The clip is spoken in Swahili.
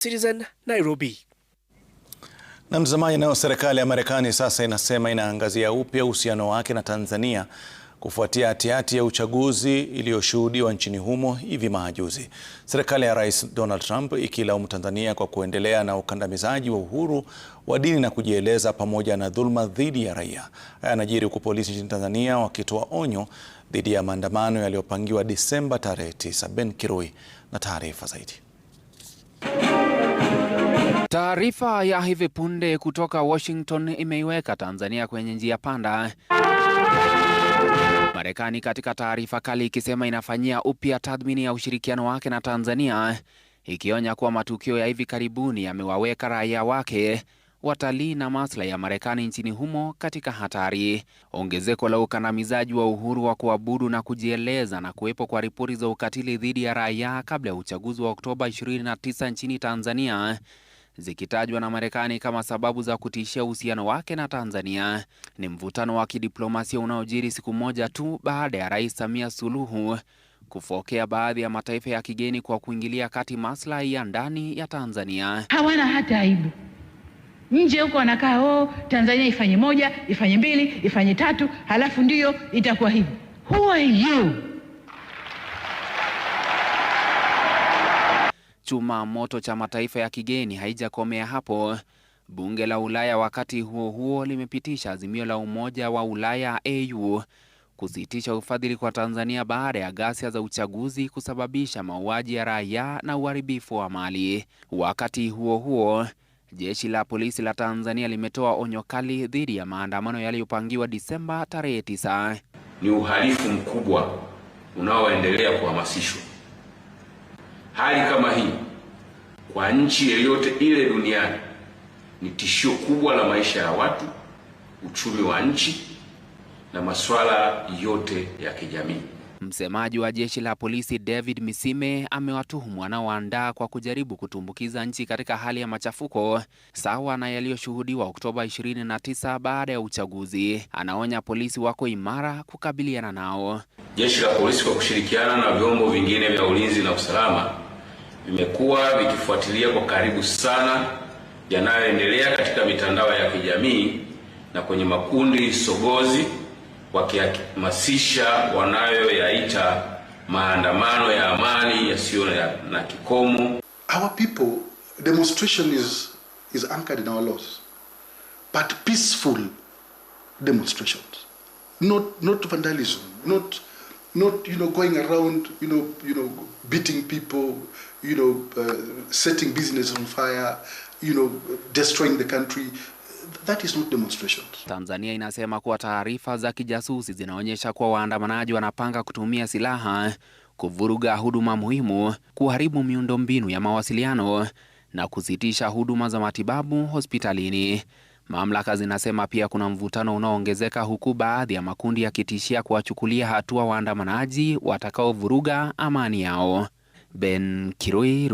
Citizen Nairobi. Na mtazamaji, nayo serikali ya Marekani sasa inasema inaangazia upya uhusiano wake na Tanzania kufuatia hatihati ya uchaguzi iliyoshuhudiwa nchini humo hivi majuzi. Serikali ya Rais Donald Trump ikilaumu Tanzania kwa kuendelea na ukandamizaji wa uhuru wa dini na kujieleza pamoja na dhuluma dhidi ya raia. Haya yanajiri huku polisi nchini Tanzania wakitoa onyo dhidi ya maandamano yaliyopangiwa Disemba tarehe 9. Ben Kirui na taarifa zaidi. Taarifa ya hivi punde kutoka Washington imeiweka Tanzania kwenye njia panda. Marekani katika taarifa kali ikisema inafanyia upya tathmini ya ushirikiano wake na Tanzania, ikionya kuwa matukio ya hivi karibuni yamewaweka raia wake, watalii na maslahi ya Marekani nchini humo katika hatari. Ongezeko la ukandamizaji wa uhuru wa kuabudu na kujieleza na kuwepo kwa ripoti za ukatili dhidi ya raia kabla ya uchaguzi wa Oktoba 29 nchini Tanzania zikitajwa na Marekani kama sababu za kutishia uhusiano wake na Tanzania. Ni mvutano wa kidiplomasia unaojiri siku moja tu baada ya Rais Samia Suluhu kufokea baadhi ya mataifa ya kigeni kwa kuingilia kati maslahi ya ndani ya Tanzania. Hawana hata aibu. Nje huko wanakaa oh, Tanzania ifanye moja, ifanye mbili, ifanye tatu, halafu ndiyo itakuwa hivi. Who are you? chuma moto cha mataifa ya kigeni haijakomea hapo. Bunge la Ulaya wakati huo huo limepitisha azimio la Umoja wa Ulaya AU kusitisha ufadhili kwa Tanzania baada ya ghasia za uchaguzi kusababisha mauaji ya raia na uharibifu wa mali. Wakati huo huo, jeshi la polisi la Tanzania limetoa onyo kali dhidi ya maandamano yaliyopangiwa Disemba tarehe 9. Ni uhalifu mkubwa unaoendelea kuhamasishwa hali kama hii kwa nchi yoyote ile duniani ni tishio kubwa la maisha ya watu, uchumi wa nchi na masuala yote ya kijamii. Msemaji wa jeshi la polisi David Misime amewatuhumu wanaoandaa kwa kujaribu kutumbukiza nchi katika hali ya machafuko sawa na yaliyoshuhudiwa Oktoba 29 baada ya uchaguzi. Anaonya polisi wako imara kukabiliana nao. Jeshi la polisi kwa kushirikiana na vyombo vingine vya ulinzi na usalama vimekuwa vikifuatilia kwa karibu sana yanayoendelea katika mitandao ya kijamii na kwenye makundi sogozi, wakihamasisha wanayoyaita maandamano ya amani yasiyo na na kikomo. Our people demonstration is is anchored in our laws but peaceful demonstrations not not vandalism not not you know going around you know you know beating people you know uh, setting business on fire you know destroying the country that is not demonstrations. Tanzania inasema kuwa taarifa za kijasusi zinaonyesha kuwa waandamanaji wanapanga kutumia silaha kuvuruga huduma muhimu, kuharibu miundombinu ya mawasiliano na kusitisha huduma za matibabu hospitalini. Mamlaka zinasema pia kuna mvutano unaoongezeka huku baadhi ya makundi yakitishia kuwachukulia hatua waandamanaji watakaovuruga amani yao. Ben Kirui.